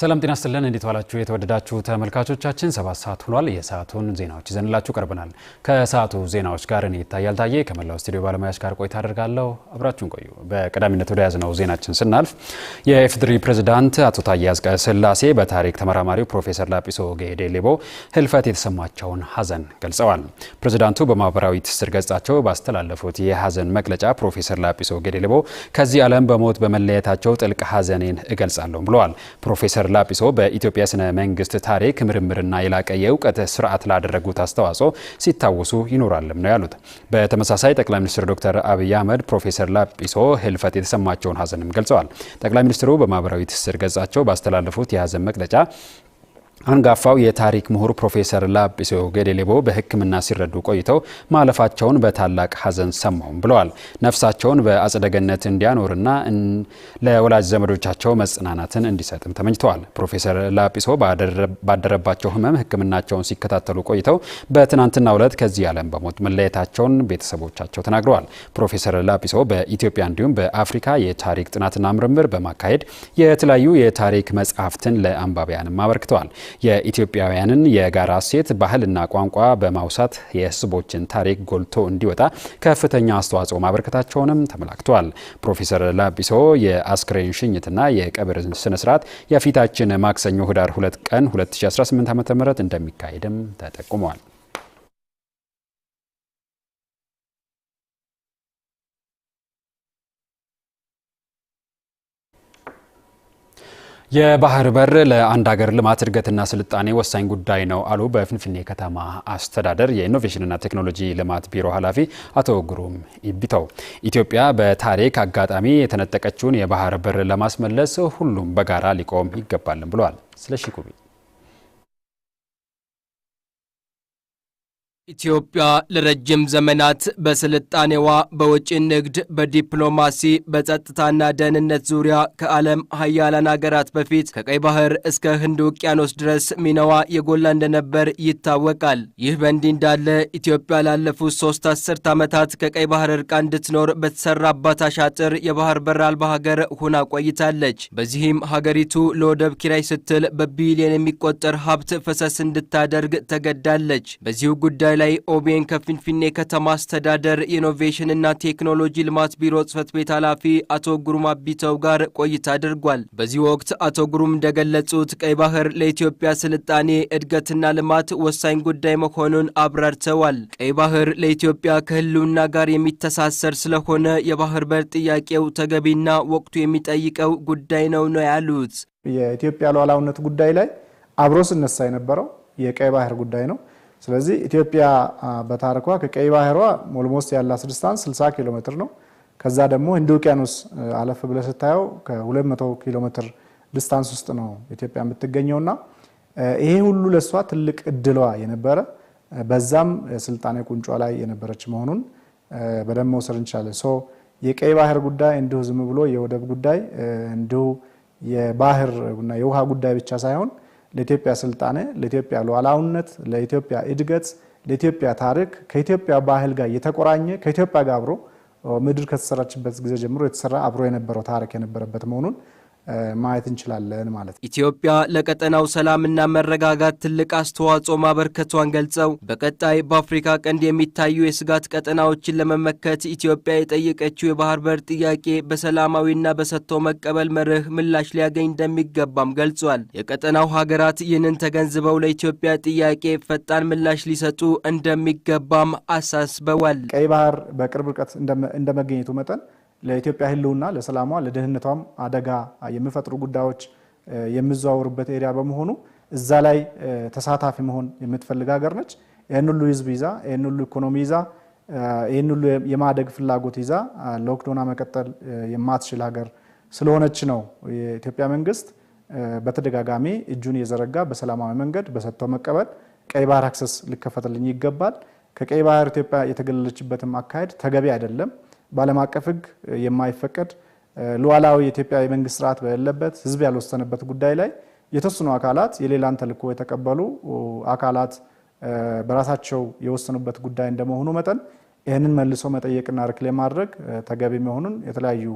ሰላም ጤና ይስጥልን። እንዴት ዋላችሁ? የተወደዳችሁ ተመልካቾቻችን ሰባት ሰዓት ሁኗል የሰዓቱን ዜናዎች ይዘንላችሁ ቀርበናል። ከሰዓቱ ዜናዎች ጋር እኔ ይታያል ታዬ ከመላው ስቱዲዮ ባለሙያዎች ጋር ቆይታ አደርጋለሁ። አብራችሁን ቆዩ። በቀዳሚነት ወደ ያዝነው ዜናችን ስናልፍ የኢፌዴሪ ፕሬዝዳንት አቶ ታዬ አጽቀሥላሴ በታሪክ ተመራማሪው ፕሮፌሰር ላጲሶ ገሄዴ ሌቦ ህልፈት የተሰማቸውን ሀዘን ገልጸዋል። ፕሬዚዳንቱ በማህበራዊ ትስስር ገጻቸው ባስተላለፉት የሀዘን መግለጫ ፕሮፌሰር ላጲሶ ጌዴ ሌቦ ከዚህ ዓለም በሞት በመለየታቸው ጥልቅ ሀዘኔን እገልጻለሁ ብለዋል። ፕሮፌሰር ላጲሶ በኢትዮጵያ ስነ መንግስት ታሪክ ምርምርና የላቀ የእውቀት ስርዓት ላደረጉት አስተዋጽኦ ሲታወሱ ይኖራልም ነው ያሉት። በተመሳሳይ ጠቅላይ ሚኒስትር ዶክተር አብይ አህመድ ፕሮፌሰር ላጲሶ ህልፈት የተሰማቸውን ሀዘንም ገልጸዋል። ጠቅላይ ሚኒስትሩ በማህበራዊ ትስስር ገጻቸው ባስተላለፉት የሀዘን መግለጫ አንጋፋው የታሪክ ምሁር ፕሮፌሰር ላጲሶ ገደሌቦ በሕክምና ሲረዱ ቆይተው ማለፋቸውን በታላቅ ሐዘን ሰማሁም ብለዋል። ነፍሳቸውን በአጸደ ገነት እንዲያኖርና ለወላጅ ዘመዶቻቸው መጽናናትን እንዲሰጥም ተመኝተዋል። ፕሮፌሰር ላጲሶ ባደረባቸው ሕመም ሕክምናቸውን ሲከታተሉ ቆይተው በትናንትናው ዕለት ከዚህ ዓለም በሞት መለየታቸውን ቤተሰቦቻቸው ተናግረዋል። ፕሮፌሰር ላጲሶ በኢትዮጵያ እንዲሁም በአፍሪካ የታሪክ ጥናትና ምርምር በማካሄድ የተለያዩ የታሪክ መጽሐፍትን ለአንባቢያንም አበርክተዋል። የኢትዮጵያውያንን የጋራ እሴት ባህልና ቋንቋ በማውሳት የህዝቦችን ታሪክ ጎልቶ እንዲወጣ ከፍተኛ አስተዋጽኦ ማበረከታቸውንም ተመላክቷል። ፕሮፌሰር ላጲሶ የአስክሬን ሽኝትና የቀብር ስነስርዓት የፊታችን ማክሰኞ ህዳር 2 ቀን 2018 ዓ ም እንደሚካሄድም ተጠቁመዋል። የባህር በር ለአንድ ሀገር ልማት እድገትና ስልጣኔ ወሳኝ ጉዳይ ነው አሉ በፍንፍኔ ከተማ አስተዳደር የኢኖቬሽንና ቴክኖሎጂ ልማት ቢሮ ኃላፊ አቶ ግሩም ኢቢተው። ኢትዮጵያ በታሪክ አጋጣሚ የተነጠቀችውን የባህር በር ለማስመለስ ሁሉም በጋራ ሊቆም ይገባልም ብለዋል። ስለሺ ጉቢ ኢትዮጵያ ለረጅም ዘመናት በስልጣኔዋ በውጭ ንግድ፣ በዲፕሎማሲ፣ በጸጥታና ደህንነት ዙሪያ ከዓለም ሀያላን አገራት በፊት ከቀይ ባህር እስከ ህንድ ውቅያኖስ ድረስ ሚናዋ የጎላ እንደነበር ይታወቃል። ይህ በእንዲህ እንዳለ ኢትዮጵያ ላለፉት ሶስት አስርት ዓመታት ከቀይ ባህር እርቃ እንድትኖር በተሰራባት አሻጥር የባህር በር አልባ ሀገር ሆና ቆይታለች። በዚህም ሀገሪቱ ለወደብ ኪራይ ስትል በቢሊዮን የሚቆጠር ሀብት ፈሰስ እንድታደርግ ተገዳለች። በዚሁ ጉዳይ በላይ ኦቤን ከፊንፊኔ ከተማ አስተዳደር ኢኖቬሽንና ቴክኖሎጂ ልማት ቢሮ ጽህፈት ቤት ኃላፊ አቶ ጉሩም አቢተው ጋር ቆይታ አድርጓል። በዚህ ወቅት አቶ ጉሩም እንደገለጹት ቀይ ባህር ለኢትዮጵያ ስልጣኔ እድገትና ልማት ወሳኝ ጉዳይ መሆኑን አብራርተዋል። ቀይ ባህር ለኢትዮጵያ ከህልውና ጋር የሚተሳሰር ስለሆነ የባህር በር ጥያቄው ተገቢና ወቅቱ የሚጠይቀው ጉዳይ ነው ነው ያሉት። የኢትዮጵያ ሉዓላዊነት ጉዳይ ላይ አብሮ ስነሳ የነበረው የቀይ ባህር ጉዳይ ነው። ስለዚህ ኢትዮጵያ በታሪኳ ከቀይ ባህሯ ኦልሞስት ያላት ዲስታንስ 60 ኪሎ ሜትር ነው። ከዛ ደግሞ ህንድ ውቅያኖስ አለፍ ብለ ስታየው ከ200 ኪሎ ሜትር ዲስታንስ ውስጥ ነው ኢትዮጵያ የምትገኘውና ይሄ ሁሉ ለእሷ ትልቅ እድሏ የነበረ በዛም ስልጣኔ ቁንጯ ላይ የነበረች መሆኑን በደንብ መውሰድ እንችላለን። ሶ የቀይ ባህር ጉዳይ እንዲሁ ዝም ብሎ የወደብ ጉዳይ እንዲሁ የባህር እና የውሃ ጉዳይ ብቻ ሳይሆን ለኢትዮጵያ ስልጣኔ፣ ለኢትዮጵያ ሉዓላዊነት፣ ለኢትዮጵያ እድገት፣ ለኢትዮጵያ ታሪክ ከኢትዮጵያ ባህል ጋር የተቆራኘ ከኢትዮጵያ ጋር አብሮ ምድር ከተሰራችበት ጊዜ ጀምሮ የተሰራ አብሮ የነበረው ታሪክ የነበረበት መሆኑን ማየት እንችላለን ማለት ነው። ኢትዮጵያ ለቀጠናው ሰላምና መረጋጋት ትልቅ አስተዋጽኦ ማበርከቷን ገልጸው በቀጣይ በአፍሪካ ቀንድ የሚታዩ የስጋት ቀጠናዎችን ለመመከት ኢትዮጵያ የጠየቀችው የባህር በር ጥያቄ በሰላማዊና በሰጥቶ መቀበል መርህ ምላሽ ሊያገኝ እንደሚገባም ገልጿል። የቀጠናው ሀገራት ይህንን ተገንዝበው ለኢትዮጵያ ጥያቄ ፈጣን ምላሽ ሊሰጡ እንደሚገባም አሳስበዋል። ቀይ ባህር በቅርብ ርቀት እንደመገኘቱ መጠን ለኢትዮጵያ ህልውና ለሰላሟ፣ ለደህንነቷም አደጋ የሚፈጥሩ ጉዳዮች የሚዘዋወሩበት ኤሪያ በመሆኑ እዛ ላይ ተሳታፊ መሆን የምትፈልግ ሀገር ነች። ይህን ሁሉ ህዝብ ይዛ፣ ይህን ሁሉ ኢኮኖሚ ይዛ፣ ይህን ሁሉ የማደግ ፍላጎት ይዛ ሎክዶና መቀጠል የማትችል ሀገር ስለሆነች ነው የኢትዮጵያ መንግስት በተደጋጋሚ እጁን የዘረጋ በሰላማዊ መንገድ በሰጥቶ መቀበል ቀይ ባህር አክሰስ ሊከፈትልኝ ይገባል። ከቀይ ባህር ኢትዮጵያ የተገለለችበትም አካሄድ ተገቢ አይደለም። በዓለም አቀፍ ሕግ የማይፈቀድ ሉዓላዊ የኢትዮጵያ የመንግስት ስርዓት በሌለበት ህዝብ ያልወሰነበት ጉዳይ ላይ የተወሰኑ አካላት የሌላን ተልእኮ የተቀበሉ አካላት በራሳቸው የወሰኑበት ጉዳይ እንደመሆኑ መጠን ይህንን መልሶ መጠየቅና ርክሌም ማድረግ ተገቢ መሆኑን የተለያዩ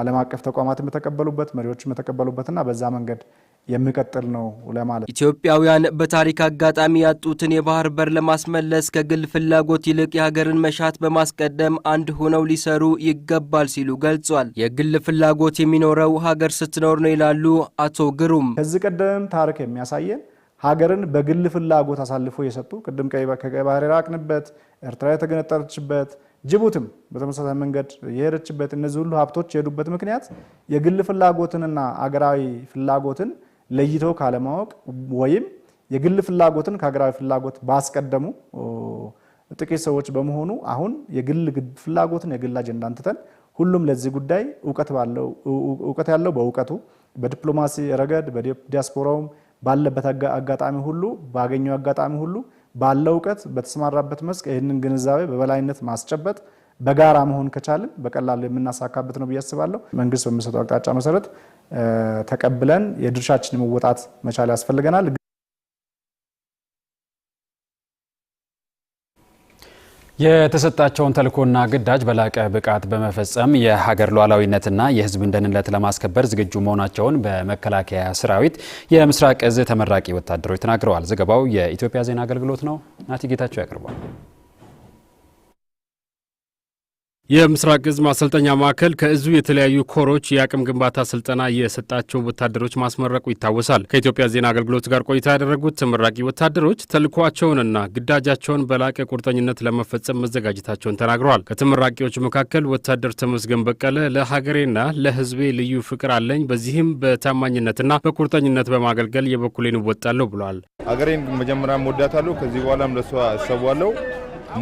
ዓለም አቀፍ ተቋማትን መሪዎች መሪዎችን በተቀበሉበትና በዛ መንገድ የሚቀጥል ነው ለማለት ኢትዮጵያውያን በታሪክ አጋጣሚ ያጡትን የባህር በር ለማስመለስ ከግል ፍላጎት ይልቅ የሀገርን መሻት በማስቀደም አንድ ሆነው ሊሰሩ ይገባል ሲሉ ገልጿል። የግል ፍላጎት የሚኖረው ሀገር ስትኖር ነው ይላሉ አቶ ግሩም። ከዚህ ቀደም ታሪክ የሚያሳየን ሀገርን በግል ፍላጎት አሳልፎ የሰጡ ቅድም ከቀይ ባህር የራቅንበት ኤርትራ የተገነጠረችበት ጅቡትም በተመሳሳይ መንገድ የሄደችበት እነዚህ ሁሉ ሀብቶች የሄዱበት ምክንያት የግል ፍላጎትንና አገራዊ ፍላጎትን ለይቶ ካለማወቅ ወይም የግል ፍላጎትን ከሀገራዊ ፍላጎት ባስቀደሙ ጥቂት ሰዎች በመሆኑ አሁን የግል ፍላጎትን የግል አጀንዳን ትተን ሁሉም ለዚህ ጉዳይ እውቀት ያለው በእውቀቱ በዲፕሎማሲ ረገድ በዲያስፖራውም ባለበት አጋጣሚ ሁሉ ባገኘው አጋጣሚ ሁሉ ባለው እውቀት በተሰማራበት መስክ ይህንን ግንዛቤ በበላይነት ማስጨበጥ በጋራ መሆን ከቻልን በቀላሉ የምናሳካበት ነው ብዬ አስባለሁ። መንግስት በሚሰጠው አቅጣጫ መሰረት ተቀብለን የድርሻችን መወጣት መቻል ያስፈልገናል። የተሰጣቸውን ተልእኮና ግዳጅ በላቀ ብቃት በመፈጸም የሀገር ሉዓላዊነትና የሕዝብን ደህንነት ለማስከበር ዝግጁ መሆናቸውን በመከላከያ ሰራዊት የምስራቅ እዝ ተመራቂ ወታደሮች ተናግረዋል። ዘገባው የኢትዮጵያ ዜና አገልግሎት ነው። ናቲ ጌታቸው ያቀርቧል። የምስራቅ እዝ ማሰልጠኛ ማዕከል ከእዙ የተለያዩ ኮሮች የአቅም ግንባታ ስልጠና የሰጣቸው ወታደሮች ማስመረቁ ይታወሳል። ከኢትዮጵያ ዜና አገልግሎት ጋር ቆይታ ያደረጉት ተመራቂ ወታደሮች ተልኳቸውንና ግዳጃቸውን በላቀ ቁርጠኝነት ለመፈጸም መዘጋጀታቸውን ተናግረዋል። ከተመራቂዎች መካከል ወታደር ተመስገን በቀለ ለሀገሬና ለሕዝቤ ልዩ ፍቅር አለኝ፣ በዚህም በታማኝነትና በቁርጠኝነት በማገልገል የበኩሌን እወጣለሁ ብለዋል። ሀገሬን መጀመሪያ ወዳታለሁ፣ ከዚህ በኋላም ለሷ እሰዋለሁ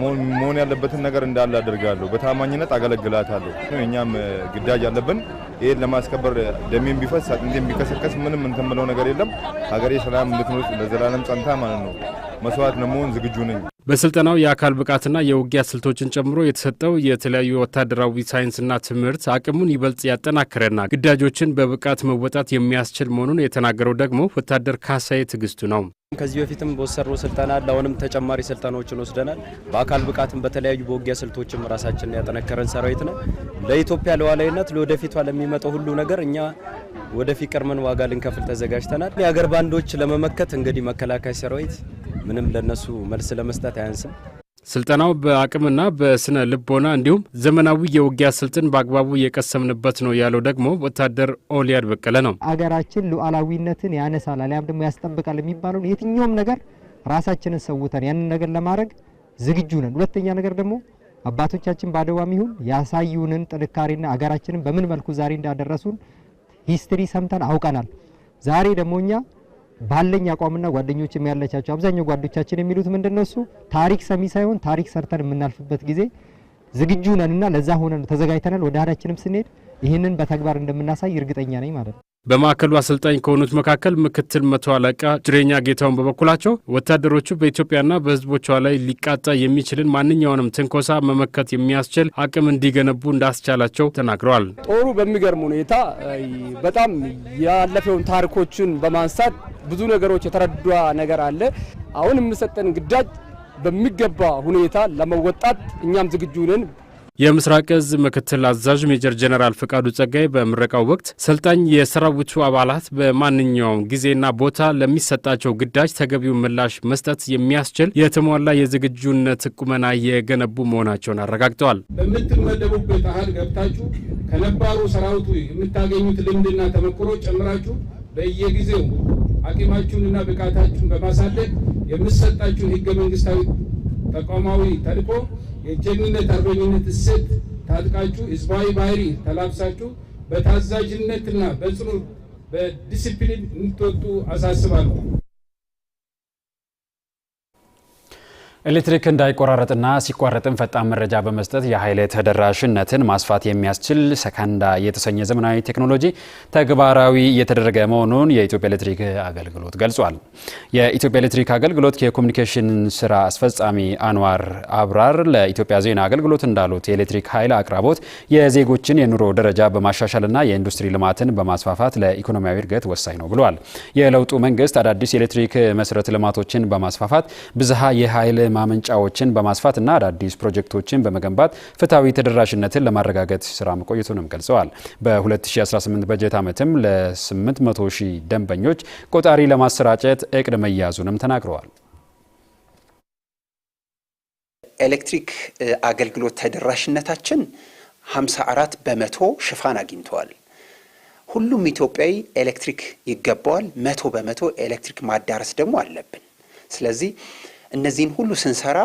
መሆን ያለበትን ነገር እንዳለ አደርጋለሁ። በታማኝነት አገለግላታለሁ። እኛም ግዳጅ አለብን ይህን ለማስከበር ደሜን ቢፈስ አጥንቴን ቢከሰከስ ምንም እንትን ነገር የለም። ሀገሬ ሰላም እንድትኖር ለዘላለም ጸንታ ማለት ነው መስዋዕት ለመሆን ዝግጁ ነኝ። በስልጠናው የአካል ብቃትና የውጊያ ስልቶችን ጨምሮ የተሰጠው የተለያዩ ወታደራዊ ሳይንስና ትምህርት አቅሙን ይበልጥ ያጠናክረና ግዳጆችን በብቃት መወጣት የሚያስችል መሆኑን የተናገረው ደግሞ ወታደር ካሳዬ ትዕግስቱ ነው። ከዚህ በፊትም በወሰሩ ስልጠና ለአሁንም ተጨማሪ ስልጠናዎችን ወስደናል። በአካል ብቃትም በተለያዩ በውጊያ ስልቶችም ራሳችንን ያጠነከረን ሰራዊት ነው። ለኢትዮጵያ ለዋላዊነት ለወደፊቷ ለሚመጣው ሁሉ ነገር እኛ ወደፊት ቀርመን ዋጋ ልንከፍል ተዘጋጅተናል። የአገር ባንዶች ለመመከት እንግዲህ መከላከያ ሰራዊት ምንም ለነሱ መልስ ለመስጠት አያንስም። ስልጠናው በአቅምና በስነ ልቦና እንዲሁም ዘመናዊ የውጊያ ስልትን በአግባቡ የቀሰምንበት ነው ያለው ደግሞ ወታደር ኦሊያድ በቀለ ነው። አገራችን ሉዓላዊነትን ያነሳል አሊያም ደግሞ ያስጠብቃል የሚባለውን የትኛውም ነገር ራሳችንን ሰውተን ያንን ነገር ለማድረግ ዝግጁ ነን። ሁለተኛ ነገር ደግሞ አባቶቻችን በአድዋም ይሁን ያሳዩንን ጥንካሬና አገራችንን በምን መልኩ ዛሬ እንዳደረሱን ሂስትሪ ሰምተን አውቀናል። ዛሬ ደግሞ እኛ ባለኝ አቋምና ጓደኞች የሚያለቻቸው አብዛኛው ጓዶቻችን የሚሉት ምንድን ነው? እሱ ታሪክ ሰሚ ሳይሆን ታሪክ ሰርተን የምናልፍበት ጊዜ ዝግጁ ነንና ለዛ ሆነን ተዘጋጅተናል። ወደ ሀዳችንም ስንሄድ ይህንን በተግባር እንደምናሳይ እርግጠኛ ነኝ ማለት ነው። በማዕከሉ አሰልጣኝ ከሆኑት መካከል ምክትል መቶ አለቃ ጅሬኛ ጌታውን በበኩላቸው ወታደሮቹ በኢትዮጵያና በሕዝቦቿ ላይ ሊቃጣ የሚችልን ማንኛውንም ትንኮሳ መመከት የሚያስችል አቅም እንዲገነቡ እንዳስቻላቸው ተናግረዋል። ጦሩ በሚገርም ሁኔታ በጣም ያለፈውን ታሪኮችን በማንሳት ብዙ ነገሮች የተረዷ ነገር አለ። አሁን የምሰጠን ግዳጅ በሚገባ ሁኔታ ለመወጣት እኛም ዝግጁ ነን። የምስራቅ እዝ ምክትል አዛዥ ሜጀር ጀነራል ፍቃዱ ጸጋይ በምረቃው ወቅት ሰልጣኝ የሰራዊቱ አባላት በማንኛውም ጊዜና ቦታ ለሚሰጣቸው ግዳጅ ተገቢው ምላሽ መስጠት የሚያስችል የተሟላ የዝግጁነት ቁመና የገነቡ መሆናቸውን አረጋግጠዋል። በምትመደቡበት አህል ገብታችሁ ከነባሩ ሰራዊቱ የምታገኙት ልምድና ተመክሮ ጨምራችሁ በየጊዜው አቂማችሁንና ብቃታችሁን በማሳደግ የምሰጣችሁን ህገ መንግስታዊ ተቋማዊ ተልዕኮ የጀግንነት አርበኝነት እሴት ታጥቃችሁ ህዝባዊ ባህሪ ተላብሳችሁ በታዛዥነትና በጽኑ በዲሲፕሊን እንድትወጡ አሳስባለሁ። ኤሌክትሪክ እንዳይቆራረጥና ሲቋረጥም ፈጣን መረጃ በመስጠት የኃይል ተደራሽነትን ማስፋት የሚያስችል ሰካንዳ የተሰኘ ዘመናዊ ቴክኖሎጂ ተግባራዊ እየተደረገ መሆኑን የኢትዮጵያ ኤሌክትሪክ አገልግሎት ገልጿል። የኢትዮጵያ ኤሌክትሪክ አገልግሎት የኮሚኒኬሽን ስራ አስፈጻሚ አንዋር አብራር ለኢትዮጵያ ዜና አገልግሎት እንዳሉት የኤሌክትሪክ ኃይል አቅራቦት የዜጎችን የኑሮ ደረጃ በማሻሻልና የኢንዱስትሪ ልማትን በማስፋፋት ለኢኮኖሚያዊ እድገት ወሳኝ ነው ብለዋል። የለውጡ መንግስት አዳዲስ የኤሌክትሪክ መሰረተ ልማቶችን በማስፋፋት ብዝሃ የኃይል ማመንጫዎችን በማስፋትና አዳዲስ ፕሮጀክቶችን በመገንባት ፍትሐዊ ተደራሽነትን ለማረጋገጥ ስራ መቆየቱንም ገልጸዋል። በ2018 በጀት ዓመትም ለ800 ሺህ ደንበኞች ቆጣሪ ለማሰራጨት እቅድ መያዙንም ተናግረዋል። ኤሌክትሪክ አገልግሎት ተደራሽነታችን 54 በመቶ ሽፋን አግኝተዋል። ሁሉም ኢትዮጵያዊ ኤሌክትሪክ ይገባዋል። መቶ በመቶ ኤሌክትሪክ ማዳረስ ደግሞ አለብን። ስለዚህ እነዚህን ሁሉ ስንሰራ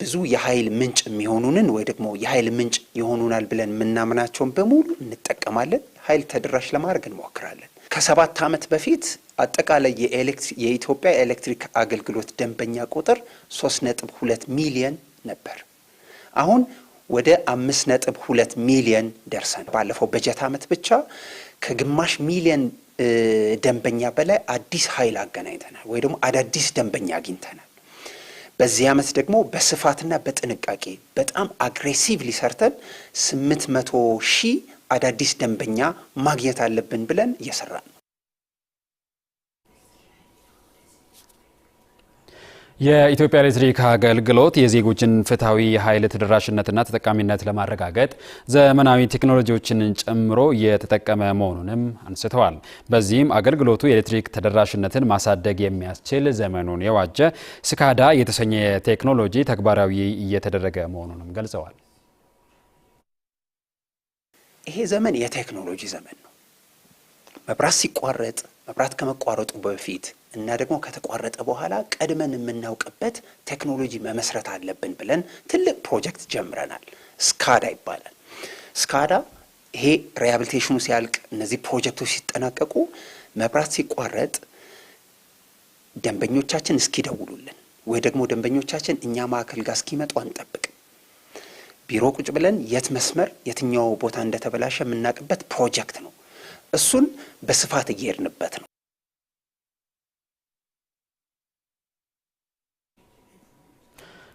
ብዙ የኃይል ምንጭ የሚሆኑንን ወይ ደግሞ የኃይል ምንጭ ይሆኑናል ብለን የምናምናቸውን በሙሉ እንጠቀማለን። ኃይል ተደራሽ ለማድረግ እንሞክራለን። ከሰባት ዓመት በፊት አጠቃላይ የኢትዮጵያ ኤሌክትሪክ አገልግሎት ደንበኛ ቁጥር 3.2 ሚሊየን ነበር። አሁን ወደ 5.2 ሚሊየን ደርሰን ባለፈው በጀት ዓመት ብቻ ከግማሽ ሚሊየን ደንበኛ በላይ አዲስ ኃይል አገናኝተናል ወይ ደግሞ አዳዲስ ደንበኛ አግኝተናል። በዚህ ዓመት ደግሞ በስፋትና በጥንቃቄ በጣም አግሬሲቭ ሰርተን ስምንት መቶ ሺህ አዳዲስ ደንበኛ ማግኘት አለብን ብለን እየሰራን የኢትዮጵያ ኤሌክትሪክ አገልግሎት የዜጎችን ፍትሐዊ የኃይል ተደራሽነትና ተጠቃሚነት ለማረጋገጥ ዘመናዊ ቴክኖሎጂዎችን ጨምሮ እየተጠቀመ መሆኑንም አንስተዋል። በዚህም አገልግሎቱ የኤሌክትሪክ ተደራሽነትን ማሳደግ የሚያስችል ዘመኑን የዋጀ ስካዳ የተሰኘ ቴክኖሎጂ ተግባራዊ እየተደረገ መሆኑንም ገልጸዋል። ይሄ ዘመን የቴክኖሎጂ ዘመን ነው። መብራት ሲቋረጥ መብራት ከመቋረጡ በፊት እና ደግሞ ከተቋረጠ በኋላ ቀድመን የምናውቅበት ቴክኖሎጂ መመስረት አለብን ብለን ትልቅ ፕሮጀክት ጀምረናል። ስካዳ ይባላል። ስካዳ ይሄ ሪሃብሊቴሽኑ ሲያልቅ እነዚህ ፕሮጀክቶች ሲጠናቀቁ መብራት ሲቋረጥ ደንበኞቻችን እስኪደውሉልን ወይ ደግሞ ደንበኞቻችን እኛ ማዕከል ጋር እስኪመጡ አንጠብቅም። ቢሮ ቁጭ ብለን የት መስመር የትኛው ቦታ እንደተበላሸ የምናውቅበት ፕሮጀክት ነው። እሱን በስፋት እየሄድንበት ነው።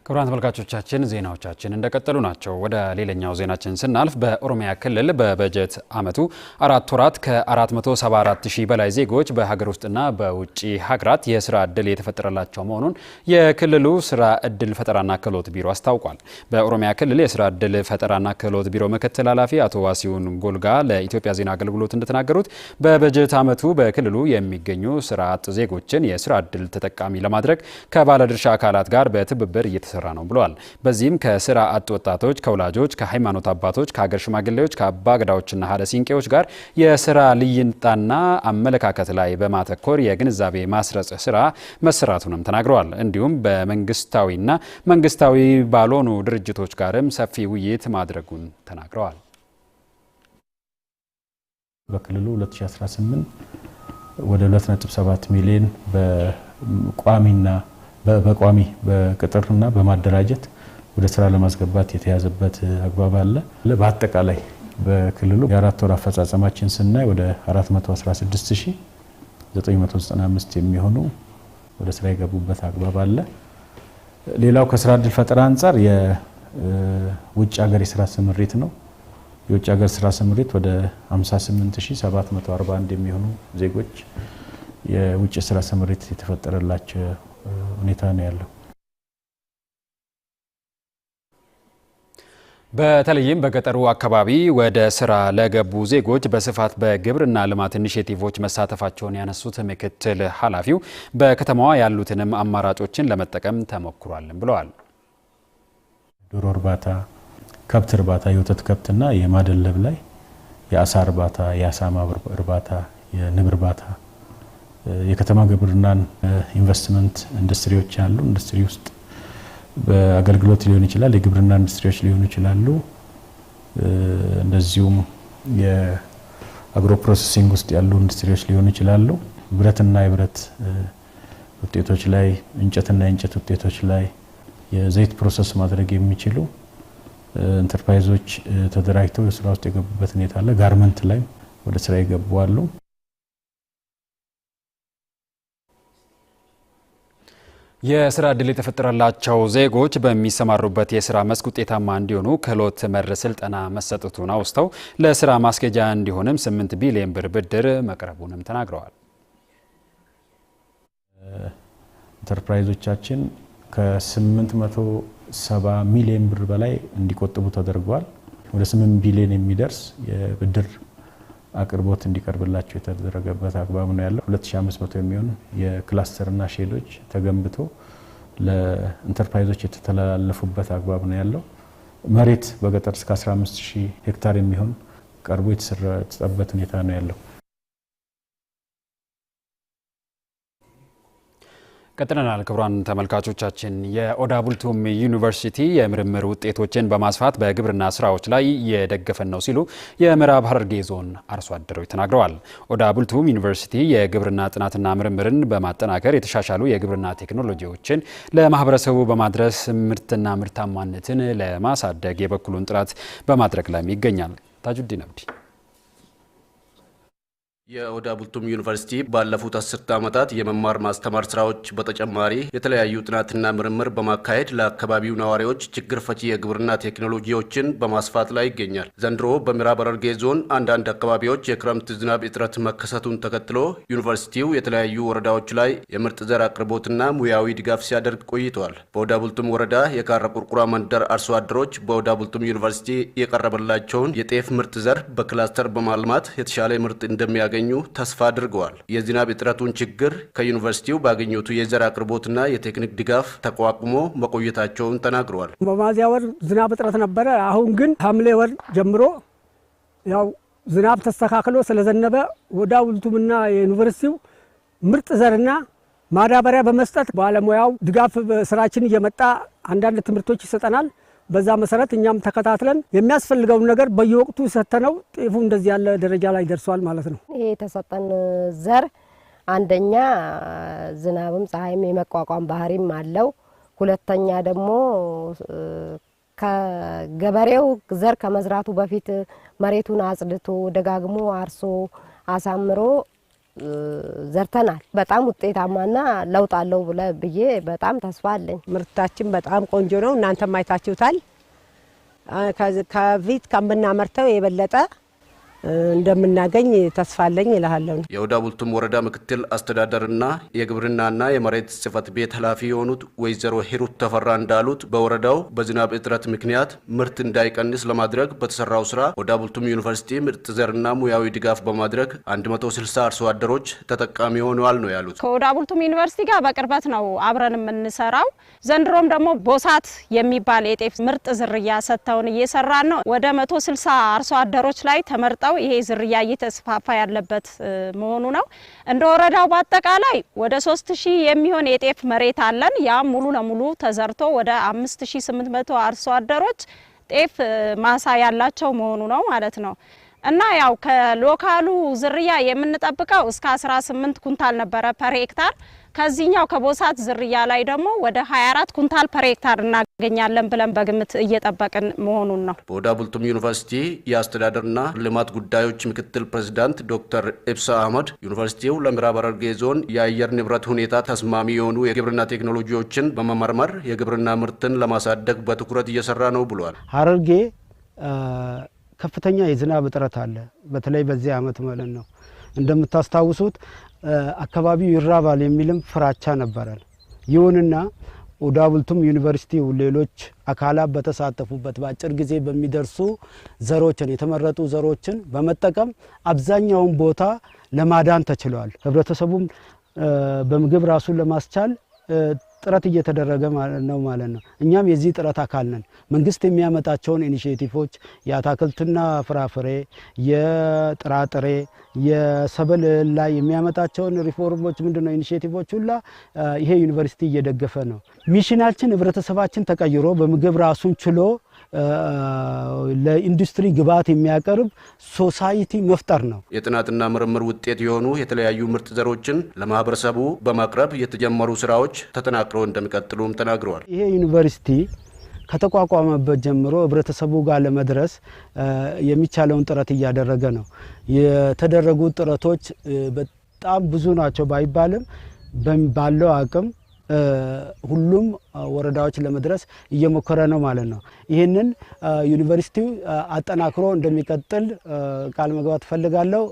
ክቡራን ተመልካቾቻችን ዜናዎቻችን እንደቀጠሉ ናቸው። ወደ ሌላኛው ዜናችን ስናልፍ በኦሮሚያ ክልል በበጀት ዓመቱ አራት ወራት ከ474 ሺህ በላይ ዜጎች በሀገር ውስጥና በውጭ ሀገራት የስራ እድል የተፈጠረላቸው መሆኑን የክልሉ ስራ እድል ፈጠራና ክህሎት ቢሮ አስታውቋል። በኦሮሚያ ክልል የስራ እድል ፈጠራና ክህሎት ቢሮ ምክትል ኃላፊ አቶ ዋሲውን ጎልጋ ለኢትዮጵያ ዜና አገልግሎት እንደተናገሩት በበጀት ዓመቱ በክልሉ የሚገኙ ስራ አጥ ዜጎችን የስራ እድል ተጠቃሚ ለማድረግ ከባለድርሻ አካላት ጋር በትብብር እየተ እየተሰራ ነው ብለዋል። በዚህም ከስራ አጥ ወጣቶች፣ ከወላጆች፣ ከሃይማኖት አባቶች፣ ከሀገር ሽማግሌዎች፣ ከአባ ገዳዎችና ሀደ ሲንቄዎች ጋር የስራ ልይንጣና አመለካከት ላይ በማተኮር የግንዛቤ ማስረጽ ስራ መሰራቱንም ተናግረዋል። እንዲሁም በመንግስታዊና መንግስታዊ ባልሆኑ ድርጅቶች ጋርም ሰፊ ውይይት ማድረጉን ተናግረዋል። በክልሉ 2018 ወደ 2.7 ሚሊዮን በቋሚና በቋሚ በቅጥርና በማደራጀት ወደ ስራ ለማስገባት የተያዘበት አግባብ አለ። በአጠቃላይ በክልሉ የአራት ወር አፈጻጸማችን ስናይ ወደ 416995 የሚሆኑ ወደ ስራ የገቡበት አግባብ አለ። ሌላው ከስራ እድል ፈጠራ አንጻር የውጭ ሀገር የስራ ስምሪት ነው። የውጭ ሀገር ስራ ስምሪት ወደ 58741 የሚሆኑ ዜጎች የውጭ ስራ ስምሪት የተፈጠረላቸው ሁኔታ ነው ያለው። በተለይም በገጠሩ አካባቢ ወደ ስራ ለገቡ ዜጎች በስፋት በግብርና ልማት ኢኒሼቲቮች መሳተፋቸውን ያነሱት ምክትል ኃላፊው በከተማዋ ያሉትንም አማራጮችን ለመጠቀም ተሞክሯልን ብለዋል። ዶሮ እርባታ፣ ከብት እርባታ፣ የወተት ከብትና የማደለብ ላይ የአሳ እርባታ፣ የአሳማ እርባታ፣ የንብ እርባታ የከተማ ግብርናን ኢንቨስትመንት ኢንዱስትሪዎች አሉ። ኢንዱስትሪ ውስጥ በአገልግሎት ሊሆን ይችላል፣ የግብርና ኢንዱስትሪዎች ሊሆኑ ይችላሉ። እንደዚሁም የአግሮ ፕሮሰሲንግ ውስጥ ያሉ ኢንዱስትሪዎች ሊሆኑ ይችላሉ። ብረትና የብረት ውጤቶች ላይ፣ እንጨትና የእንጨት ውጤቶች ላይ የዘይት ፕሮሰስ ማድረግ የሚችሉ ኢንተርፕራይዞች ተደራጅተው የስራ ውስጥ የገቡበት ሁኔታ አለ። ጋርመንት ላይ ወደ ስራ ይገቡ አሉ። የስራ እድል የተፈጠረላቸው ዜጎች በሚሰማሩበት የስራ መስክ ውጤታማ እንዲሆኑ ክህሎት መር ስልጠና መሰጠቱን አውስተው ለስራ ማስኬጃ እንዲሆንም 8 ቢሊዮን ብር ብድር መቅረቡንም ተናግረዋል። ኢንተርፕራይዞቻችን ከ870 ሚሊዮን ብር በላይ እንዲቆጥቡ ተደርጓል። ወደ 8 ቢሊዮን የሚደርስ የብድር አቅርቦት እንዲቀርብላቸው የተደረገበት አግባብ ነው ያለው። 2500 የሚሆኑ የክላስተርና ሼዶች ተገንብቶ ለኢንተርፕራይዞች የተተላለፉበት አግባብ ነው ያለው። መሬት በገጠር እስከ 15000 ሄክታር የሚሆን ቀርቦ የተሰጠበት ሁኔታ ነው ያለው። ቀጥለናል። ክቡራን ተመልካቾቻችን የኦዳቡልቱም ዩኒቨርሲቲ የምርምር ውጤቶችን በማስፋት በግብርና ስራዎች ላይ የደገፈን ነው ሲሉ የምዕራብ ሐረርጌ ዞን አርሶ አደሮች ተናግረዋል። ኦዳቡልቱም ዩኒቨርሲቲ የግብርና ጥናትና ምርምርን በማጠናከር የተሻሻሉ የግብርና ቴክኖሎጂዎችን ለማህበረሰቡ በማድረስ ምርትና ምርታማነትን ለማሳደግ የበኩሉን ጥረት በማድረግ ላይ ይገኛል። ታጁዲን አብዲ የኦዳ ቡልቱም ዩኒቨርሲቲ ባለፉት አስርት ዓመታት የመማር ማስተማር ስራዎች በተጨማሪ የተለያዩ ጥናትና ምርምር በማካሄድ ለአካባቢው ነዋሪዎች ችግር ፈቺ የግብርና ቴክኖሎጂዎችን በማስፋት ላይ ይገኛል። ዘንድሮ በምዕራብ ሐረርጌ ዞን አንዳንድ አካባቢዎች የክረምት ዝናብ እጥረት መከሰቱን ተከትሎ ዩኒቨርሲቲው የተለያዩ ወረዳዎች ላይ የምርጥ ዘር አቅርቦትና ሙያዊ ድጋፍ ሲያደርግ ቆይተዋል። በኦዳ ቡልቱም ወረዳ የካረ ቁርቁራ መንደር አርሶ አደሮች በኦዳ ቡልቱም ዩኒቨርሲቲ የቀረበላቸውን የጤፍ ምርጥ ዘር በክላስተር በማልማት የተሻለ ምርት እንደሚያ እንደሚያገኙ ተስፋ አድርገዋል። የዝናብ እጥረቱን ችግር ከዩኒቨርሲቲው ባገኙት የዘር አቅርቦትና የቴክኒክ ድጋፍ ተቋቁሞ መቆየታቸውን ተናግረዋል። በሚያዝያ ወር ዝናብ እጥረት ነበረ። አሁን ግን ሐምሌ ወር ጀምሮ ያው ዝናብ ተስተካክሎ ስለዘነበ ወደ አውልቱምና የዩኒቨርሲቲው ምርጥ ዘርና ማዳበሪያ በመስጠት ባለሙያው ድጋፍ ስራችን እየመጣ አንዳንድ ትምህርቶች ይሰጠናል። በዛ መሰረት እኛም ተከታትለን የሚያስፈልገውን ነገር በየወቅቱ ሰተነው ጤፉ እንደዚህ ያለ ደረጃ ላይ ደርሷል ማለት ነው። ይሄ የተሰጠን ዘር አንደኛ ዝናብም ፀሐይም የመቋቋም ባህሪም አለው። ሁለተኛ ደግሞ ከገበሬው ዘር ከመዝራቱ በፊት መሬቱን አጽድቶ ደጋግሞ አርሶ አሳምሮ ዘርተናል። በጣም ውጤታማና ለውጥ አለው ብለ ብዬ በጣም ተስፋ አለኝ። ምርታችን በጣም ቆንጆ ነው። እናንተም አይታችሁታል። ከፊት ከምናመርተው የበለጠ እንደምናገኝ ተስፋ አለኝ ይልሃለሁ። የኦዳ ቡልቱም ወረዳ ምክትል አስተዳደርና የግብርናና የመሬት ጽሕፈት ቤት ኃላፊ የሆኑት ወይዘሮ ሂሩት ተፈራ እንዳሉት በወረዳው በዝናብ እጥረት ምክንያት ምርት እንዳይቀንስ ለማድረግ በተሰራው ስራ ኦዳ ቡልቱም ዩኒቨርሲቲ ምርጥ ዘርና ሙያዊ ድጋፍ በማድረግ 160 አርሶ አደሮች ተጠቃሚ ሆነዋል ነው ያሉት። ከኦዳ ቡልቱም ዩኒቨርሲቲ ጋር በቅርበት ነው አብረን የምንሰራው። ዘንድሮም ደግሞ ቦሳት የሚባል የጤፍ ምርጥ ዝርያ ሰጥተውን እየሰራን ነው። ወደ 160 አርሶ አደሮች ላይ ተመርጠው የመጣው ይሄ ዝርያ እየተስፋፋ ያለበት መሆኑ ነው። እንደ ወረዳው በአጠቃላይ ወደ 3000 የሚሆን የጤፍ መሬት አለን። ያ ሙሉ ለሙሉ ተዘርቶ ወደ 5800 አርሶ አደሮች ጤፍ ማሳ ያላቸው መሆኑ ነው ማለት ነው። እና ያው ከሎካሉ ዝርያ የምንጠብቀው እስከ 18 ኩንታል ነበረ ፐር ሄክታር። ከዚህኛው ከቦሳት ዝርያ ላይ ደግሞ ወደ 24 ኩንታል ፐር ሄክታር እናገኛለን ብለን በግምት እየጠበቅን መሆኑን ነው። በኦዳ ቡልቱም ዩኒቨርሲቲ የአስተዳደርና ልማት ጉዳዮች ምክትል ፕሬዚዳንት ዶክተር ኢብሳ አህመድ ዩኒቨርሲቲው ለምዕራብ ሐረርጌ ዞን የአየር ንብረት ሁኔታ ተስማሚ የሆኑ የግብርና ቴክኖሎጂዎችን በመመርመር የግብርና ምርትን ለማሳደግ በትኩረት እየሰራ ነው ብሏል። ሐረርጌ ከፍተኛ የዝናብ እጥረት አለ። በተለይ በዚህ ዓመት ማለት ነው። እንደምታስታውሱት አካባቢው ይራባል የሚልም ፍራቻ ነበረን። ይሁንና ኦዳቡልቱም ዩኒቨርሲቲው ሌሎች አካላት በተሳተፉበት በአጭር ጊዜ በሚደርሱ ዘሮችን የተመረጡ ዘሮችን በመጠቀም አብዛኛውን ቦታ ለማዳን ተችሏል። ህብረተሰቡም በምግብ ራሱን ለማስቻል ጥረት እየተደረገ ነው ማለት ነው። እኛም የዚህ ጥረት አካል ነን። መንግስት የሚያመጣቸውን ኢኒሽቲቮች የአታክልትና ፍራፍሬ፣ የጥራጥሬ፣ የሰብል ላይ የሚያመጣቸውን ሪፎርሞች ምንድነው ኢኒሽቲቮች ሁላ ይሄ ዩኒቨርሲቲ እየደገፈ ነው። ሚሽናችን ህብረተሰባችን ተቀይሮ በምግብ ራሱን ችሎ ለኢንዱስትሪ ግብዓት የሚያቀርብ ሶሳይቲ መፍጠር ነው። የጥናትና ምርምር ውጤት የሆኑ የተለያዩ ምርጥ ዘሮችን ለማህበረሰቡ በማቅረብ የተጀመሩ ስራዎች ተጠናክረው እንደሚቀጥሉም ተናግረዋል። ይሄ ዩኒቨርሲቲ ከተቋቋመበት ጀምሮ ህብረተሰቡ ጋር ለመድረስ የሚቻለውን ጥረት እያደረገ ነው። የተደረጉ ጥረቶች በጣም ብዙ ናቸው ባይባልም ባለው አቅም ሁሉም ወረዳዎች ለመድረስ እየሞከረ ነው ማለት ነው። ይህንን ዩኒቨርሲቲው አጠናክሮ እንደሚቀጥል ቃል መግባት እፈልጋለሁ።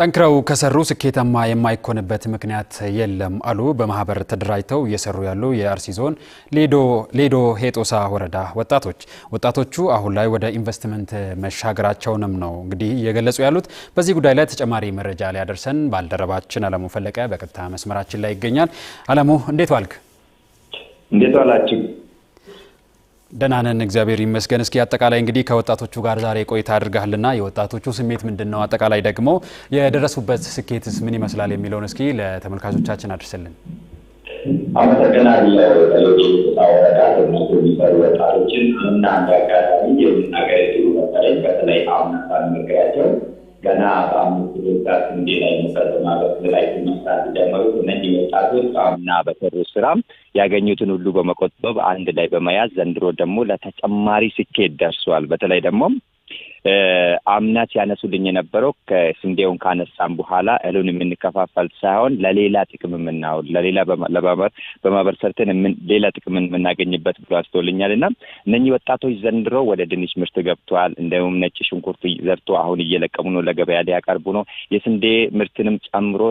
ጠንክረው ከሰሩ ስኬታማ የማይኮንበት ምክንያት የለም አሉ በማህበር ተደራጅተው እየሰሩ ያሉ የአርሲ ዞን ሌዶ ሄጦሳ ወረዳ ወጣቶች። ወጣቶቹ አሁን ላይ ወደ ኢንቨስትመንት መሻገራቸውንም ነው እንግዲህ እየገለጹ ያሉት። በዚህ ጉዳይ ላይ ተጨማሪ መረጃ ሊያደርሰን ባልደረባችን አለሙ ፈለቀ በቀጥታ መስመራችን ላይ ይገኛል። አለሙ እንዴት ዋልክ? እንዴት ዋላችሁ? ደህና ነን፣ እግዚአብሔር ይመስገን። እስኪ አጠቃላይ እንግዲህ ከወጣቶቹ ጋር ዛሬ ቆይታ አድርጋልና የወጣቶቹ ስሜት ምንድን ነው፣ አጠቃላይ ደግሞ የደረሱበት ስኬትስ ምን ይመስላል የሚለውን እስኪ ለተመልካቾቻችን አድርስልን። አመሰግናለሁ። ወጣቶችን እና አጋጣሚ በተለይ አሁን ገና በአምስት ወጣት እንዴ ላይ መሰረት ማድረግ ላይ መስራት ጀመሩ። እነዚህ ወጣቶች አምና በሰሩ ስራ ያገኙትን ሁሉ በመቆጠብ አንድ ላይ በመያዝ ዘንድሮ ደግሞ ለተጨማሪ ስኬት ደርሷል። በተለይ ደግሞ አምናት ያነሱልኝ የነበረው ከስንዴውን ካነሳን በኋላ እህሉን የምንከፋፈል ሳይሆን ለሌላ ጥቅም የምናውል ለሌላ በማበር ሰርተን ሌላ ጥቅም የምናገኝበት ብሎ አስተውልኛል እና እነኚህ ወጣቶች ዘንድሮ ወደ ድንች ምርት ገብተዋል። እንደውም ነጭ ሽንኩርት ዘርቶ አሁን እየለቀሙ ነው፣ ለገበያ ሊያቀርቡ ነው። የስንዴ ምርትንም ጨምሮ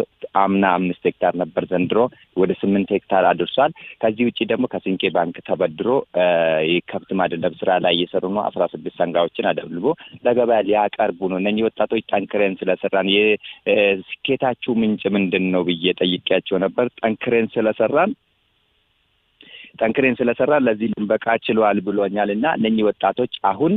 አምና አምስት ሄክታር ነበር፣ ዘንድሮ ወደ ስምንት ሄክታር አድርሷል። ከዚህ ውጭ ደግሞ ከስንቄ ባንክ ተበድሮ የከብት ማደለብ ስራ ላይ እየሰሩ ነው። አስራ ስድስት ሰንጋዎችን አደብልቦ ለገበያ ሊያቀርቡ ነው። እነኚህ ወጣቶች ጠንክረን ስለሰራን የስኬታችሁ ምንጭ ምንድን ነው ብዬ ጠይቄያቸው ነበር። ጠንክረን ስለሰራን ጠንክሬን ስለሰራ ለዚህ ልንበቃ ችሏል ብሎኛል። እና እነኚህ ወጣቶች አሁን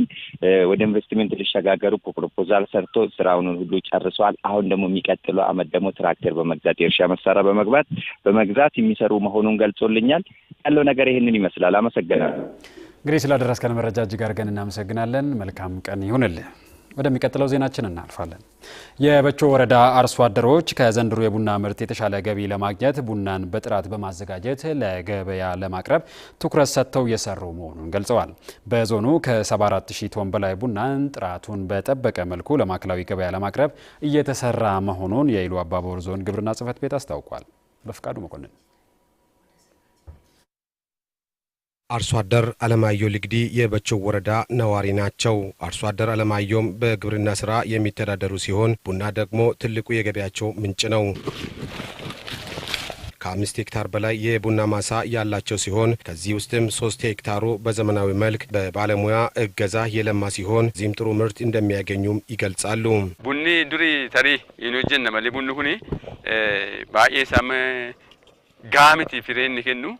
ወደ ኢንቨስትመንት ሊሸጋገሩ ፕሮፖዛል ሰርቶ ስራውን ሁሉ ጨርሰዋል። አሁን ደግሞ የሚቀጥለው አመት ደግሞ ትራክተር በመግዛት የእርሻ መሳሪያ በመግባት በመግዛት የሚሰሩ መሆኑን ገልጾልኛል። ያለው ነገር ይህንን ይመስላል። አመሰግናለሁ። እንግዲህ ስላደረስከን መረጃ እጅግ አድርገን እናመሰግናለን። መልካም ቀን ይሁንልህ። ወደሚቀጥለው ዜናችን እናልፋለን። የበቾ ወረዳ አርሶ አደሮች ከዘንድሮ የቡና ምርት የተሻለ ገቢ ለማግኘት ቡናን በጥራት በማዘጋጀት ለገበያ ለማቅረብ ትኩረት ሰጥተው እየሰሩ መሆኑን ገልጸዋል። በዞኑ ከ74000 ቶን በላይ ቡናን ጥራቱን በጠበቀ መልኩ ለማዕከላዊ ገበያ ለማቅረብ እየተሰራ መሆኑን የኢሉ አባቦር ዞን ግብርና ጽሕፈት ቤት አስታውቋል። በፍቃዱ መኮንን አርሶ አደር አለማየሁ ልግዲ የበቾ ወረዳ ነዋሪ ናቸው። አርሶ አደር አለማየሁም በግብርና ስራ የሚተዳደሩ ሲሆን ቡና ደግሞ ትልቁ የገበያቸው ምንጭ ነው። ከአምስት ሄክታር በላይ የቡና ማሳ ያላቸው ሲሆን ከዚህ ውስጥም ሶስት ሄክታሩ በዘመናዊ መልክ በባለሙያ እገዛ የለማ ሲሆን እዚህም ጥሩ ምርት እንደሚያገኙም ይገልጻሉ። ቡኒ ዱሪ ተሪ ኑጅን ነመሌ ቡኒ ሁኒ ባኤ ሳም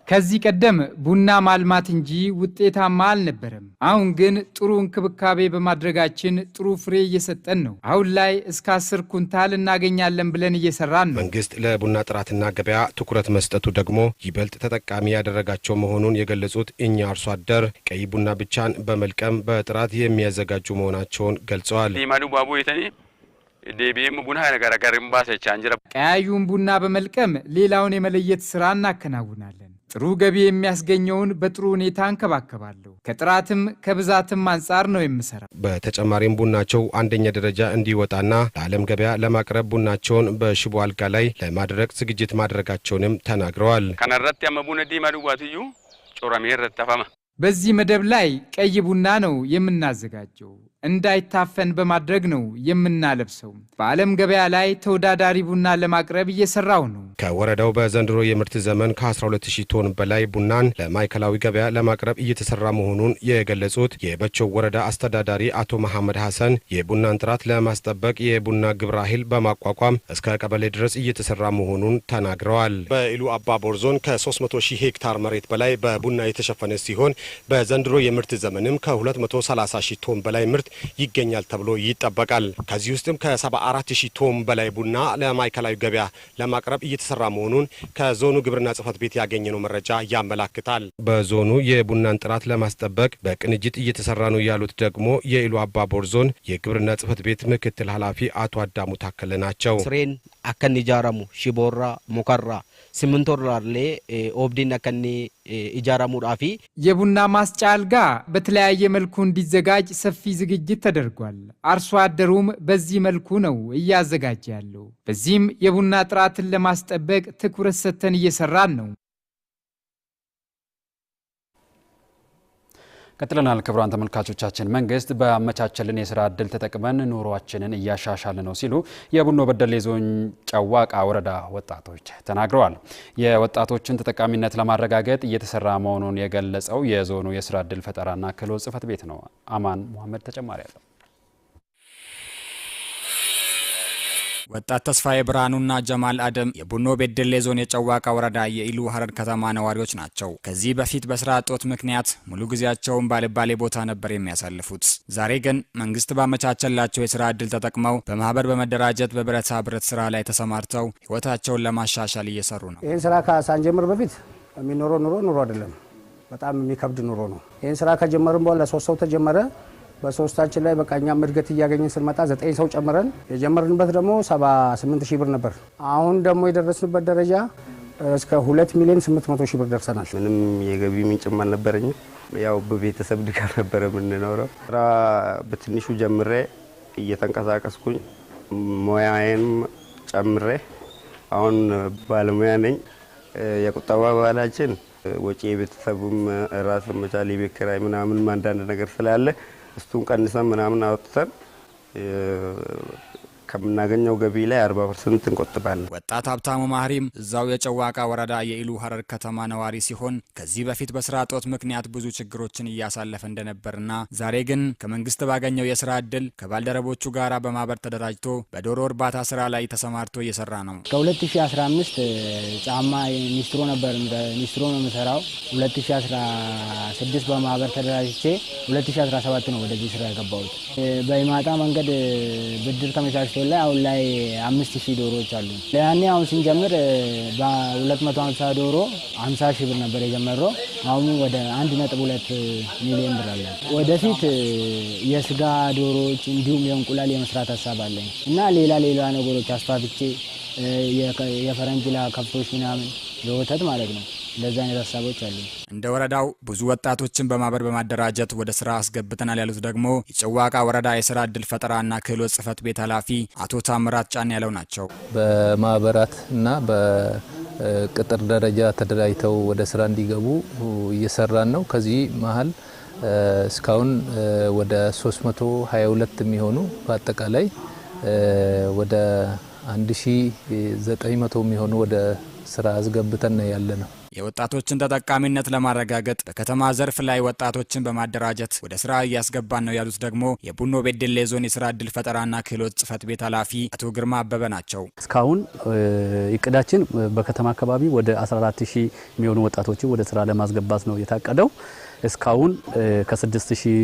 ከዚህ ቀደም ቡና ማልማት እንጂ ውጤታማ አልነበረም። አሁን ግን ጥሩ እንክብካቤ በማድረጋችን ጥሩ ፍሬ እየሰጠን ነው። አሁን ላይ እስከ አስር ኩንታል እናገኛለን ብለን እየሰራን ነው። መንግስት ለቡና ጥራትና ገበያ ትኩረት መስጠቱ ደግሞ ይበልጥ ተጠቃሚ ያደረጋቸው መሆኑን የገለጹት እኛ አርሶ አደር ቀይ ቡና ብቻን በመልቀም በጥራት የሚያዘጋጁ መሆናቸውን ገልጸዋል። ቀያዩን ቡና በመልቀም ሌላውን የመለየት ስራ እናከናውናለን። ጥሩ ገቢ የሚያስገኘውን በጥሩ ሁኔታ እንከባከባለሁ። ከጥራትም ከብዛትም አንጻር ነው የምሰራ። በተጨማሪም ቡናቸው አንደኛ ደረጃ እንዲወጣና ለዓለም ገበያ ለማቅረብ ቡናቸውን በሽቦ አልጋ ላይ ለማድረግ ዝግጅት ማድረጋቸውንም ተናግረዋል። ከነረት ያመቡነ ዲመድዋትዩ ጮረሜ ረተፈማ በዚህ መደብ ላይ ቀይ ቡና ነው የምናዘጋጀው። እንዳይታፈን በማድረግ ነው የምናለብሰው። በዓለም ገበያ ላይ ተወዳዳሪ ቡና ለማቅረብ እየሰራው ነው። ከወረዳው በዘንድሮ የምርት ዘመን ከ12000 ቶን በላይ ቡናን ለማዕከላዊ ገበያ ለማቅረብ እየተሰራ መሆኑን የገለጹት የበቾ ወረዳ አስተዳዳሪ አቶ መሐመድ ሐሰን የቡናን ጥራት ለማስጠበቅ የቡና ግብረ ኃይል በማቋቋም እስከ ቀበሌ ድረስ እየተሰራ መሆኑን ተናግረዋል። በኢሉ አባቦር ዞን ከ300 ሺህ ሄክታር መሬት በላይ በቡና የተሸፈነ ሲሆን በዘንድሮ የምርት ዘመንም ከ230 ሺህ ቶን በላይ ምርት ይገኛል ተብሎ ይጠበቃል። ከዚህ ውስጥም ከ74 ሺህ ቶን በላይ ቡና ለማዕከላዊ ገበያ ለማቅረብ እየተሰራ መሆኑን ከዞኑ ግብርና ጽህፈት ቤት ያገኘነው መረጃ ያመላክታል። በዞኑ የቡናን ጥራት ለማስጠበቅ በቅንጅት እየተሰራ ነው ያሉት ደግሞ የኢሉ አባቦር ዞን የግብርና ጽህፈት ቤት ምክትል ኃላፊ አቶ አዳሙ ታከለ ናቸው። ስሬን አከን ጃረሙ ሙከራ ስምንት ወር ላለ ኦብዲን አከኒ ኢጃራሙዳፊ የቡና ማስጫ አልጋ በተለያየ መልኩ እንዲዘጋጅ ሰፊ ዝግጅት ተደርጓል። አርሶ አደሩም በዚህ መልኩ ነው እያዘጋጀ ያለው። በዚህም የቡና ጥራትን ለማስጠበቅ ትኩረት ሰጥተን እየሰራን ነው። ቀጥለናል። ክቡራን ተመልካቾቻችን መንግስት በአመቻቸልን የስራ እድል ተጠቅመን ኑሯችንን እያሻሻል ነው ሲሉ የቡኖ በደሌ ዞን ጨዋቃ ወረዳ ወጣቶች ተናግረዋል። የወጣቶችን ተጠቃሚነት ለማረጋገጥ እየተሰራ መሆኑን የገለጸው የዞኑ የስራ እድል ፈጠራና ክህሎት ጽሕፈት ቤት ነው። አማን ሙሐመድ ተጨማሪ አለው። ወጣት ተስፋዬ ብርሃኑና ጀማል አደም የቡኖ ቤደሌ ዞን የጨዋቃ ወረዳ የኢሉ ሀረር ከተማ ነዋሪዎች ናቸው። ከዚህ በፊት በስራ እጦት ምክንያት ሙሉ ጊዜያቸውን ባልባሌ ቦታ ነበር የሚያሳልፉት። ዛሬ ግን መንግስት ባመቻቸላቸው የስራ እድል ተጠቅመው በማህበር በመደራጀት በብረታ ብረት ስራ ላይ ተሰማርተው ህይወታቸውን ለማሻሻል እየሰሩ ነው። ይህን ስራ ከሳንጀምር በፊት የሚኖረው ኑሮ ኑሮ አይደለም፣ በጣም የሚከብድ ኑሮ ነው። ይህን ስራ ከጀመርን በኋላ ሶስት ሰው ተጀመረ በሶስታችን ላይ በቃ እኛም እድገት እያገኘን ስንመጣ ዘጠኝ ሰው ጨምረን የጀመርንበት ደግሞ 78 ሺህ ብር ነበር። አሁን ደግሞ የደረስንበት ደረጃ እስከ 2 ሚሊዮን 800 ሺህ ብር ደርሰናል። ምንም የገቢ ምንጭም አልነበረኝም። ያው በቤተሰብ ድጋፍ ነበረ የምንኖረው። ስራ በትንሹ ጀምሬ እየተንቀሳቀስኩኝ ሙያዬንም ጨምሬ አሁን ባለሙያ ነኝ። የቁጠባ ባህላችን ወጪ የቤተሰቡም ራስ መቻል የቤት ኪራይ ምናምንም አንዳንድ ነገር ስላለ እሱን ቀንሰን ምናምን አውጥተን ከምናገኘው ገቢ ላይ 40 ፐርሰንት እንቆጥባለን። ወጣት ሀብታሙ ማህሪም እዛው የጨዋቃ ወረዳ የኢሉ ሀረር ከተማ ነዋሪ ሲሆን ከዚህ በፊት በስራ እጦት ምክንያት ብዙ ችግሮችን እያሳለፈ እንደነበርና ዛሬ ግን ከመንግስት ባገኘው የስራ እድል ከባልደረቦቹ ጋራ በማህበር ተደራጅቶ በዶሮ እርባታ ስራ ላይ ተሰማርቶ እየሰራ ነው። ከ2015 ጫማ ሚኒስትሮ ነበር ሚኒስትሮ ነው የምሰራው። 2016 በማህበር ተደራጅቼ 2017 ነው ወደዚህ ስራ የገባሁት። በይማጣ መንገድ ብድር ተመቻችቶ ላይ አሁን ላይ አምስት ሺህ ዶሮዎች አሉ። ያኔ አሁን ስንጀምር መቶ 250 ዶሮ 50 ሺህ ብር ነበር የጀመረው። አሁኑ ወደ ሁለት ሚሊዮን ብር አለ። ወደፊት የስጋ ዶሮዎች እንዲሁም የእንቁላል የመስራት ሀሳብ አለኝ እና ሌላ ሌላ ነገሮች አስፋፍቼ የፈረንጅላ ከብቶች ምናምን ለወተት ማለት ነው። እንደዚህ አይነት ሀሳቦች አሉ። እንደ ወረዳው ብዙ ወጣቶችን በማህበር በማደራጀት ወደ ስራ አስገብተናል ያሉት ደግሞ የጭዋቃ ወረዳ የስራ እድል ፈጠራና ክህሎት ጽህፈት ቤት ኃላፊ አቶ ታምራት ጫን ያለው ናቸው። በማህበራት እና በቅጥር ደረጃ ተደራጅተው ወደ ስራ እንዲገቡ እየሰራን ነው። ከዚህ መሀል እስካሁን ወደ 322 የሚሆኑ በአጠቃላይ ወደ መቶ የሚሆኑ ወደ ስራ አስገብተን ያለ ነው። የወጣቶችን ተጠቃሚነት ለማረጋገጥ በከተማ ዘርፍ ላይ ወጣቶችን በማደራጀት ወደ ስራ እያስገባን ነው ያሉት ደግሞ የቡኖ ቤደሌ ዞን የስራ እድል ፈጠራና ክህሎት ጽህፈት ቤት ኃላፊ አቶ ግርማ አበበ ናቸው። እስካሁን እቅዳችን በከተማ አካባቢ ወደ 14 ሺህ የሚሆኑ ወጣቶችን ወደ ስራ ለማስገባት ነው የታቀደው። እስካሁን ከ6 ሺህ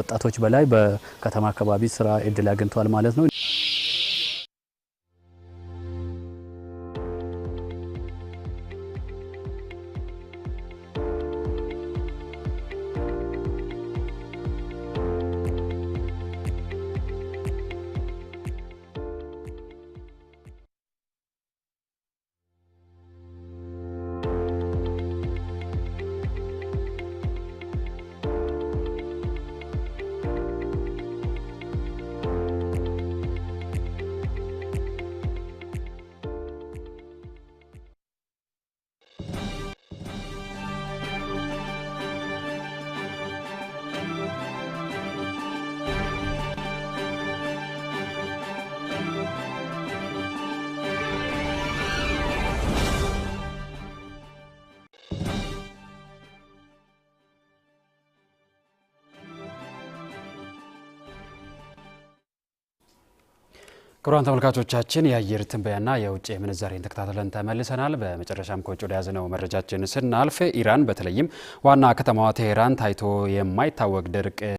ወጣቶች በላይ በከተማ አካባቢ ስራ እድል አግኝተዋል ማለት ነው። ክቡራን ተመልካቾቻችን የአየር ትንበያና የውጭ ምንዛሬን ተከታተለን ተመልሰናል። በመጨረሻም ከውጭ ወደ ወደያዝነው መረጃችን ስናልፍ ኢራን በተለይም ዋና ከተማዋ ቴሄራን ታይቶ የማይታወቅ ድርቅ